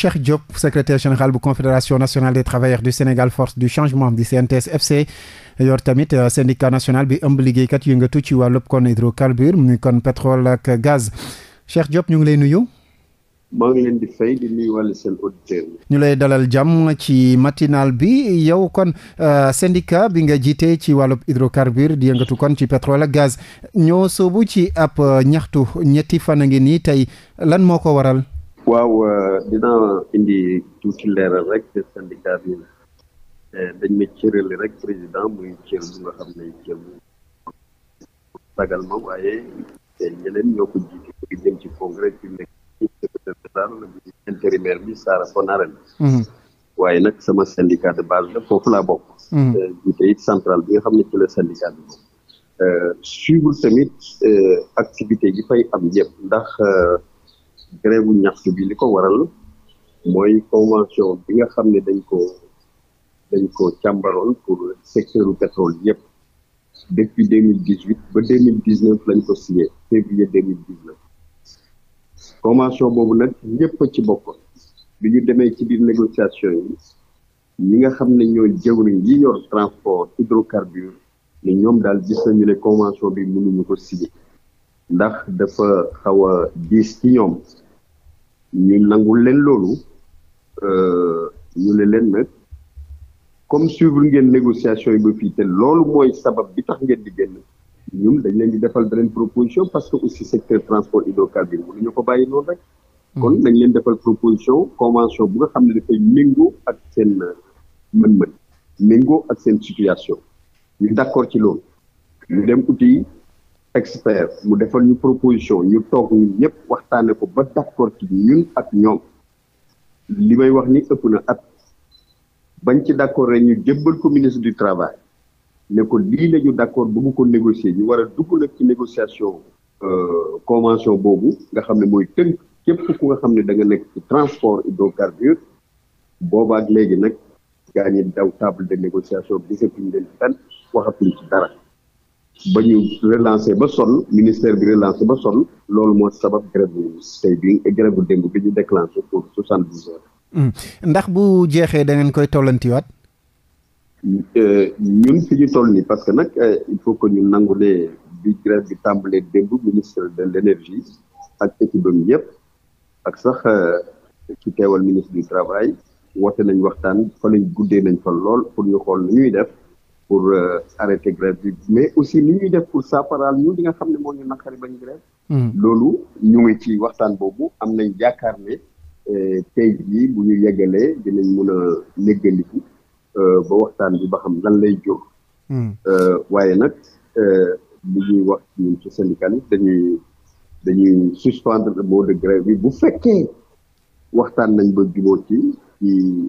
Cheikh Diop secrétaire général bu confédération nationale des travailleurs du Sénégal force du changement du CNTS FC yor tamit euh, syndicat national bi ëmb liggéeykat yu yëngatu ci wàllub kon hydrocarbure muy kon pétrole ak gaz Cheikh Diop ñu ngi lay nuyu. ñu lay dalal jàmm ci matinal bi yow kon euh, syndicat bi nga jiite ci wàllub hydrocarbure di yëngatu kon ci pétrole ak gaz ñoo soobu ci ab euh, ñaxtu ñetti fan a ngi nii tey lan moo ko waral. waaw euh, dina indi tuuti leeral rek syndicat bi euh, dañ ma cërale rek président muy cër bu nga xam ne cër bu sagal ma waaye ñeneen ñoo ko jiite ñu jëm ci congrès bi nekk bi intérimaire bi Sara Fonarel mhm. waaye nag sama syndicat de base foofu laa bokk mhm. euh, jiite it central bi nga xam ne ci la syndicat bi bokk suivre tamit activité yi fay am yëpp ndax grève bu ñaxtu bi li ko waral mooy convention bi nga xam ne dañ ko dañ ko càmbaroon pour secteur u pétrole yëpp depuis deux mille dix huit ba deux mille dix neuf lañ ko signé février deux mille dix neuf convention boobu nag ñëpp ci bokkoon bi ñu demee ci biir négociation yi ñi nga xam ne ñoo jëwriñ yi yor transport hydrocarbure ne ñoom daal gis nañu ne convention bi ñu ko signé ndax dafa xaw a diis ci ñoom ñu nangul leen loolu euh, ñu ne leen nag comme suivre ngeen négociation yi ba fii te loolu mooy sabab bi tax ngeen di génn ñun dañ leen di defal beneen proposition parce que aussi secteur transport hydrocarbure mënu ñu ko bàyyi noonu rek mm. kon dañ leen defal proposition convention bu nga xam ne dafay méngoo ak seen euh, mën-mën méngoo ak seen situation ñu d'accord ci loolu ñu dem uti expert mu defal ñu proposition ñu toog ñun ñëpp waxtaane ko ba d'accord ci ñun ak ñoom li may wax ni ëpp na at bañ ci d'accord rek ñu jébbal ko ministre du travail ne ko lii la ñu d'accord bëgg ko négocier ñu war a dugg nag ci négociation euh, convention boobu nga xam ne mooy tënk képp ku nga xam ne da nga nekk ci transport hydrocarbure boobaak léegi nag gaa ñi daw table de négociation bi gisatuñ leen fenn waxatuñ ci dara ba ñu relancé ba sonn ministère bi relancé ba sonn loolu moo sabab grève bu tey bi grève bu démb bi ñu déclenché pour soixante dix heures. Hmm. ndax bu jeexee dangeen ngeen koy tollantiwaat. Euh, ñun fi ñu toll nii parce que nag euh, il faut que ñu nangulee bi grève bi tàmbalee démb ministre de l' énergie ak équipe am ak sax euh, ci teewal ministre du travail woote nañ waxtaan fa lañ guddee nañ fa lool pour ñu xool nu ñuy def. pour euh, arrêter grève bi mais aussi ni ñuy def pour saafaraal ñu li nga xam ne moo ñu naqari bañ grève hmm. loolu ñu ngi ci waxtaan boobu am nañ yaakaar ne euh, tey jii bu ñu yeggalee dinañ mën a néggandiku euh, ba waxtaan bi ba xam lan lay jóg hmm. waaye nag ñuy wax ñun ci syndicat dañuy dañuy suspendre mot de grève bi bu fekkee waxtaan nañ ba jubóo ci ci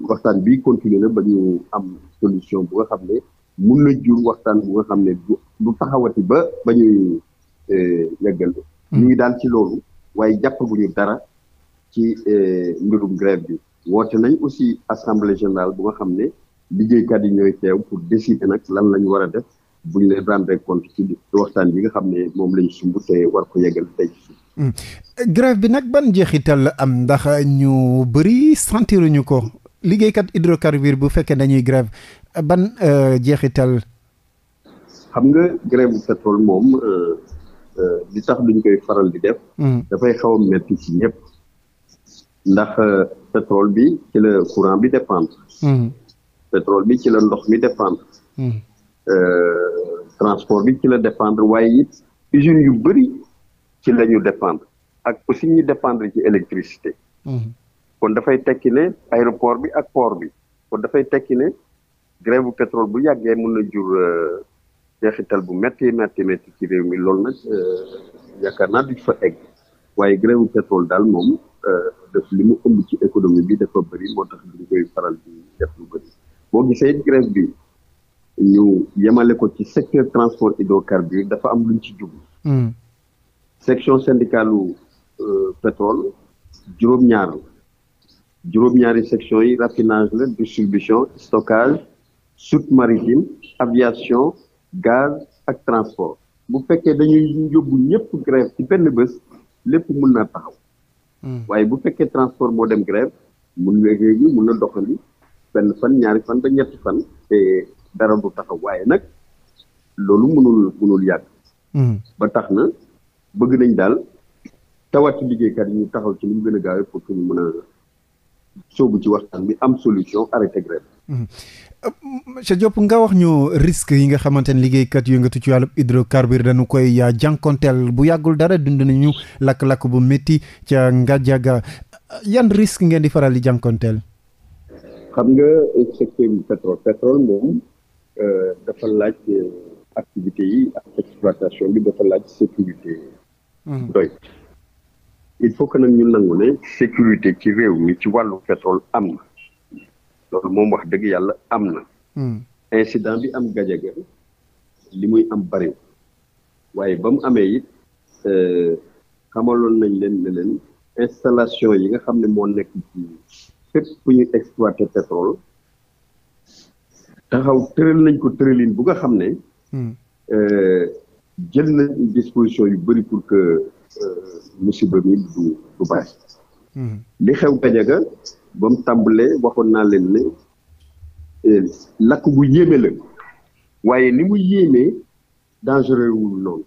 waxtaan bi continuer na ba ñu am solution bu nga xam ne mun na jur waxtaan bu nga xam ne bu du taxawati ba ba ñuy e, yeggal. Hmm. ñu ngi daal ci loolu waaye jàppaguñu dara ci e, mbirum grève bi. woote nañ aussi assemblée générale bu nga xam ne liggéeykat yi ñooy teew pour décider nag lan la ñu war a def bu leen rendre compte ci waxtaan bi nga xam ne moom lañ sumb te war ko yeggal tey ci hmm. bi nag ban jeexital la am ndax ñu bëri sentiruñu ko liggéeykat hydrocarbure bu fekkee dañuy grève ban euh, jeexital. xam nga grève bu pétrole moom euh, euh, li tax duñ koy faral di def. Hmm. dafay xaw a métti ci ñëpp. ndax pétrole bi ci courant bi dépendre. Hmm. pétrole bi ci la ndox mi dépendre. Hmm. transport bi ci la dépendre waaye it yu bëri ci la ñu dépendre ak aussi ñu dépendre ci électricité. kon dafay tekki ne aéroport bi ak port bi kon dafay tekki grève bu pétrole bu yàggee mun na jur seexital euh, bu métti métti métti ci réew mi loolu nag euh, yaakaar naa duñ fa egg waaye grève bu pétrole daal moom euh, def li mu ëmb ci économie bi dafa bëri moo tax duñ koy faral di def lu bëri boo gisee grève bi ñu yemale ko ci secteur transport hydrocarbure dafa am luñ ci jublu hmm. section syndicalu pétrole juróom-ñaar juróom-ñaari section yi raffinage la distribution stockage soute maritime aviation gaz ak transport bu fekkee dañuy yóbbu ñëpp grève ci benn bés lépp mun naa taxaw hmm. waaye bu fekkee transport moo dem grève mun léegi mun na doxali benn fan ñaari fan ba ñetti fan te dara bu taxaw waaye nag loolu mënul mënul yàgg hmm. ba tax na bëgg nañ daal tawati liggéeykat yi ñu taxaw ci li mu gën a gaawee pour que ñu mën a sóobu ci waxtaan bi am solution arrêté grève monsieur mmh. Diop nga wax ñu risque yi nga xamante ne liggéeykat yu yëngatu ci wàllu hydrocarbure dañu koy jànkonteel bu yàggul dara dund nañu lakk-lakk bu metti ca Ngadiaga yan risque ngeen di faral di jànkonteel. xam nga secteur pétrole pétrole moom euh, dafa laaj activité yi ak exploitation bi dafa laaj sécurité. doy mmh. il faut que nag ñu nangu ne sécurité ci réew mi ci wàllu pétrole am na. loolu moom wax dëgg yàlla am na. Hmm. incident bi am gajaga li muy am bariw waaye ba amee it euh, xamaloon nañ leen ne leen installation yi nga xam ne moo nekk ci fépp fu ñuy exploiter pétrole taxaw tëral nañ ko tëralin bu nga xam ne. Hmm. Euh, jël nañ disposition yu bëri pour que euh, musiba mi du du bari. Hmm. li xew gajaga ba mu tàmbalee naa leen ne euh, lakk bu yéeme la waaye ni mu yéemee dangereux wu lool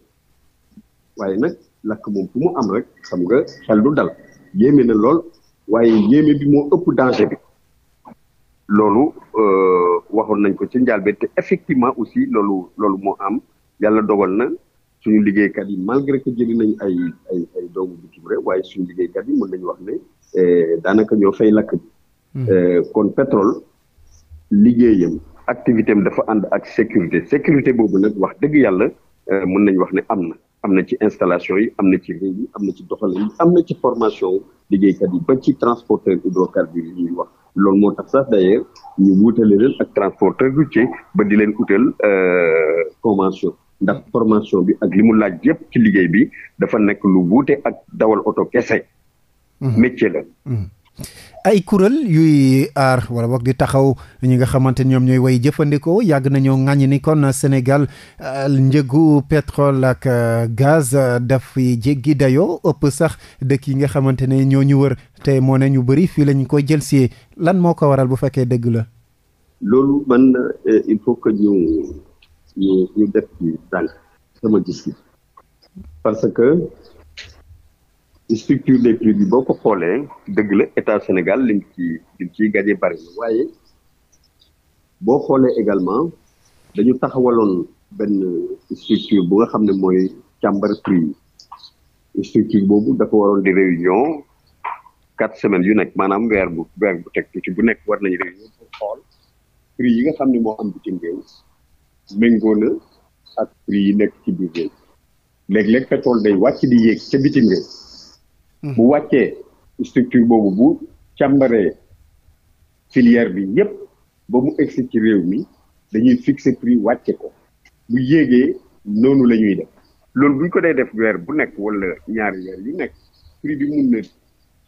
waaye nag lakk moom fu mu am rek xam nga xel du dal yéeme na lool waaye yéeme bi moo ëpp danger bi loolu euh, waxoon nañ ko ci njaal bi te effectivement aussi loolu loolu moo am yàlla dogal na suñu liggéeykat yi malgré que jëli nañ ay ay ay doomu bitim réew waaye suñu liggéeykat yi mën nañu wax ne eh, daanaka ñoo fay lakk bi hmm. eh, kon pétrole liggéeyam activité am dafa ànd ak sécurité sécurité boobu nag wax dëgg yàlla eh, mën nañu wax ne am na am na ci installation yi am na ci réew yi am na ci doxalin yi am na ci formation liggéeykat yi ba ci transporteur hydrocarbures yi ñuy wax loolu moo tax sax d'ailleurs ñu wuutale leen ak transporteur routier ba di leen utal ndax formation bi ak li mu laaj yépp ci liggéey bi dafa nekk lu wuute ak dawal oto kese. Mhm. métier la. Mhm. ay kuréel yuy aar wala boog di taxaw ñi nga xamante ni ñoom ñooy way jëfandikoo yàgg nañu ŋàññi ni kon Sénégal euh, njëgu pétrole ak euh, gaz euh, daf jéggi dayoo ëpp sax dëkk yi nga xamante ne ñoo ñu wër te moo ne ñu bari fii lañ koy jël si lan moo ko waral bu fekkee dëgg la. loolu man il faut que ñu ñu ñu def ci dànk sama gis-gis parce que structure des prix boo ko xoolee dëgg la état Sénégal lim ci lim ciy gagné bari waaye boo xoolee également dañu taxawaloon benn structure bu nga xam ne mooy càmbar prix yi structure boobu dafa waroon di réunion quatre semaines yu nekk maanaam weer bu weer bu teg tuuti bu nekk war nañu réunion pour xool prix yi nga xam ne moo am bitim réew méngoo na ak prix yi nekk ci biir réew léeg-léeg pétrole day wàcc di yéeg ca bitim réew hmm. bu wàccee structure boobu bu càmbaree filière bi yépp ba mu egsi ci réew mi dañuy fixer prix wàcce ko bu yéegee noonu lañuy def loolu buñ ko dee def weer bu nekk walla ñaari weer yu nekk prix bi mun na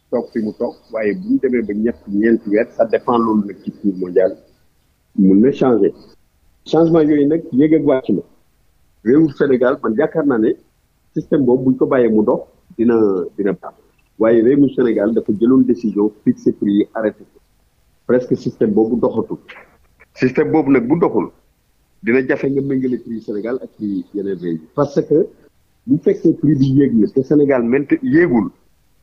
toog fi mu toog waaye bu ñu demee ba ñett ñeenti weer ça dépend loolu nag ci cours mondial mun na changer changement yooyu nag yéeg ak wàcc la réewum Sénégal man yaakaar naa ne système boobu buñ ko bàyyee mu dox dina dina baax waaye réewum Sénégal dafa jëloon décision fixé prix yi arrêté ko presque système boobu doxatul système boobu nag bu ndoxul dina jafe nga méngale prix Sénégal ak prix yeneen réew yi parce que bu fekkee prix bi yéeg na te Sénégal mente yéegul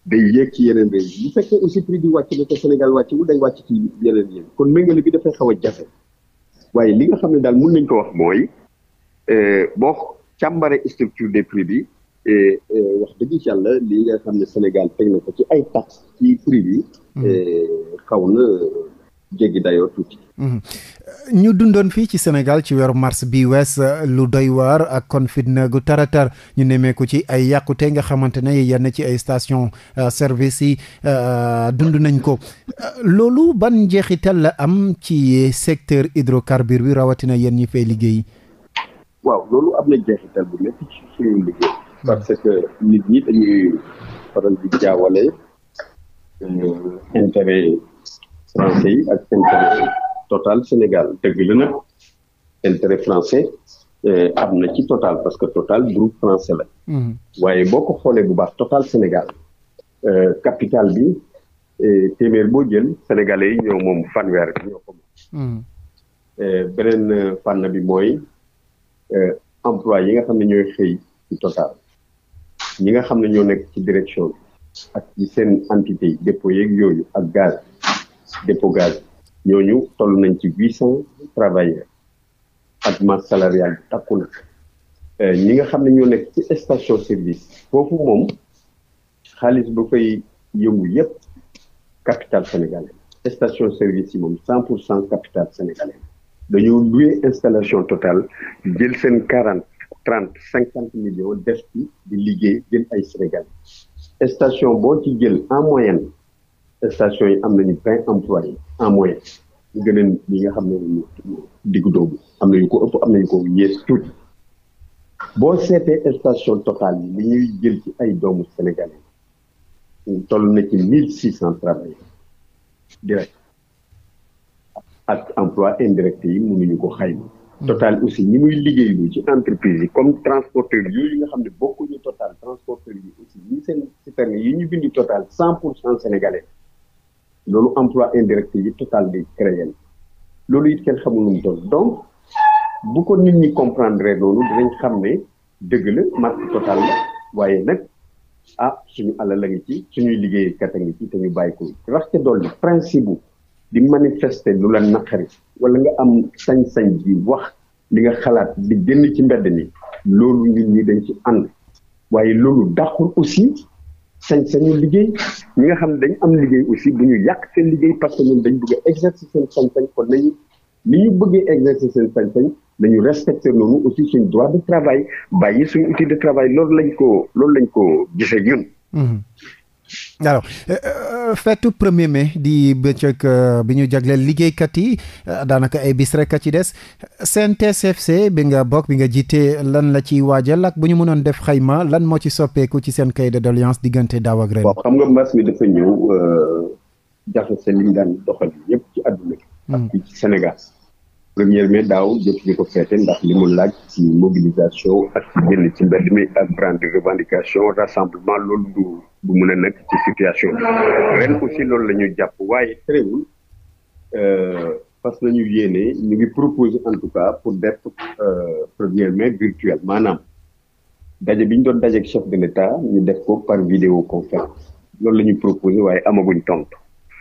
day yéeg ci yeneen réew yi bu fekkee aussi prix bi wàcc na te Sénégal wàccul day wàcc ci yeneen yéen kon méngale bi dafay xaw a waaye li nga xam ne daal mën nañ ko wax mooy euh, boo càmbare structure des prix bi euh, euh, wax dëgg yàlla li nga xam ne Sénégal teg na ko ci ay taxes ci prix bi mm. xaw na jéggi dayoo tuuti. Mhm. ñu dundoon fii ci senegal ci weeru mars bi wees euh, lu doy waar ak kon fitna gu taratar ñu nemmeeku ci ay yàqute nga xamante ne yenn ci ay station euh, service yi euh, dund nañ ko loolu ban njeexital la am ci secteur hydrocarbure bi rawatina yéen ñi fay liggéey. waaw loolu am na njeexital bu métti ci suñu liggéey. Mhm. parce que nit ñi dañuy faral di jaawale intérêt français yi ak intérêt total Sénégal dëgg la nag intérêt français eh, am na ci total parce que total groupe français la. Mm-hmm. waaye boo ko xoolee bu baax total Sénégal eh, capital bi eh, téeméer boo jël sénégalais yi ñoo moom fanweer bi ñoo ko moom. Mm-hmm. beneen fànn bi mooy emploi yi nga xam ne ñooy xëy ci total ñi nga xam ne ñoo nekk ci direction bi ak ci seen entité yi dépôt yeeg yooyu ak gaz. dépôt gaz ñooñu toll nañ ci huit cent travailleurs ak salariale bi takku na euh, ñi nga xam ne ñoo nekk ci station service foofu moom xaalis ba koy yëngu yépp capital sénégalais station service yi moom cent pour cent capital sénégalais dañoo loué installation totale jël seen quarante trente cinquante millions def ci di liggéey jël ay sénégalais station boo ci jël en moyenne station yi am nañu vingt employés en moyenne ñu gëneen ñi nga xam ne diggu doomu am nañu ko ëpp am nañu ko yées tuuti boo seetee station Total yi li ñuy jël ci ay doomu sénégalais toll na ci mille six cent travailleurs direct ak emploi indirect yi mënuñu ko xayma Total aussi ñu muy liggéeylu ci entreprise yi comme transporteur yooyu nga xam ne bokkuñu Total transporteur yi aussi ñi seen citerne yi ñu bindi Total cent pour cent sénégalais loolu emploi indirect yi total di créer loolu it kenn xamul nu mu doon donc bu ko nit ñi comprendre loolu dinañ xam ne dëgg la marque total la waaye nag ah suñu alal la ngi ci suñuy liggéeykat a ngi ci te ñu bàyyi ko rax ca dolli principe bu di manifester lu la naqari wala nga am sañ-sañ bi wax li nga xalaat di génn ci mbedd mi loolu nit ñi dañ ci ànd waaye loolu dàqul aussi sañ-sañu liggéey ñi nga xam ne dañ am liggéey aussi bu ñu yàq seen liggéey parce que ñun dañu bëgg a exercer seen sañ-sañ kon nañu li ñu bëggee exercer seen sañ-sañ nañu respecter noonu aussi suñ droit de travail bàyyi suñu outil de travail loolu lañ ko loolu lañ ko gisee ñun mm-hmm. alors euh, euh, fetu premier mais di bëccëg euh, bi ñu jagleel liggéeykat yi daanaka ay bis rek a ci des CNTS/FC bi nga bokk bi nga jiite lan la ciy waajal ak bu ñu mënoon def xayma lan moo ci soppeeku ci seen cahier de doléance diggante daaw ak ren. waaw xam nga mbas mi dafa ñëw jaxase li ñu daan doxal yëpp ci àdduna bi. ak hmm. ci Sénégal. premier mai daaw jotuñu ko feete ndax li mu laaj ci mobilisation ak ci génn ci mbedd mi ak grande revendication rassemblement loolu bu mun a nag ci situation bi ren aussi loolu la ñu jàpp waaye terewul parce euh, que nañu yéene ñu ngi proposer en tout cas pour def euh, première mai virtuelle maanaam daje bi ñu doon dajeeg chef de l'État ñu def ko par vidéo conférence loolu la ñu proposer waaye amaguñ tontu.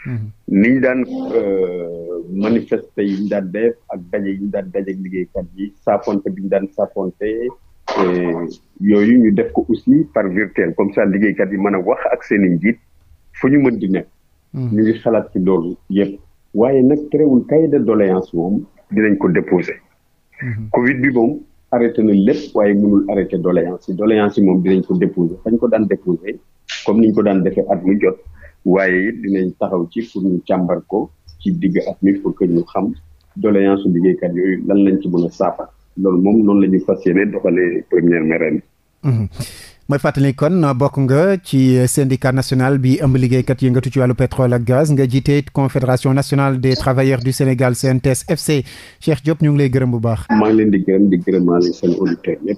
Mm-hmm. ni ñu daan euh, manifester yi ñu daan def ak daje yi ñu daan dajeeg liggéeykat yi saafonte bi ñu daan saafonte. Euh, yooyu ñu def ko aussi par virtuel comme ça liggéeykat yi mën a wax ak seen i njiit fu ñu mën di nekk. Hmm. ñu xalaat ci loolu yëpp. waaye nag terewul cahier de doléance moom dinañ ko déposé hmm. Covid bi moom arrêté na lépp waaye mënul arrêté doléance yi yi moom dinañ ko déposer fañ ko daan déposer comme niñ ko daan defee at mu jot waaye it dinañ taxaw ci pour ñu càmbar ko ci digg at mi pour que ñu xam doléance su liggéeykat yooyu lan lañ ci mën a saafara. loolu moom noonu la ñu fas yéene doxalee première marraine mooy mhm. fàttali bokk nga ci syndicat national bi ëmb liggéeykat yëngatu ci wàllu pétrole ak gaz nga jiite confédération nationale des travailleurs du Sénégal CNTS FC Cheikh Diop ñu ngi lay gërëm bu baax. maa ngi leen di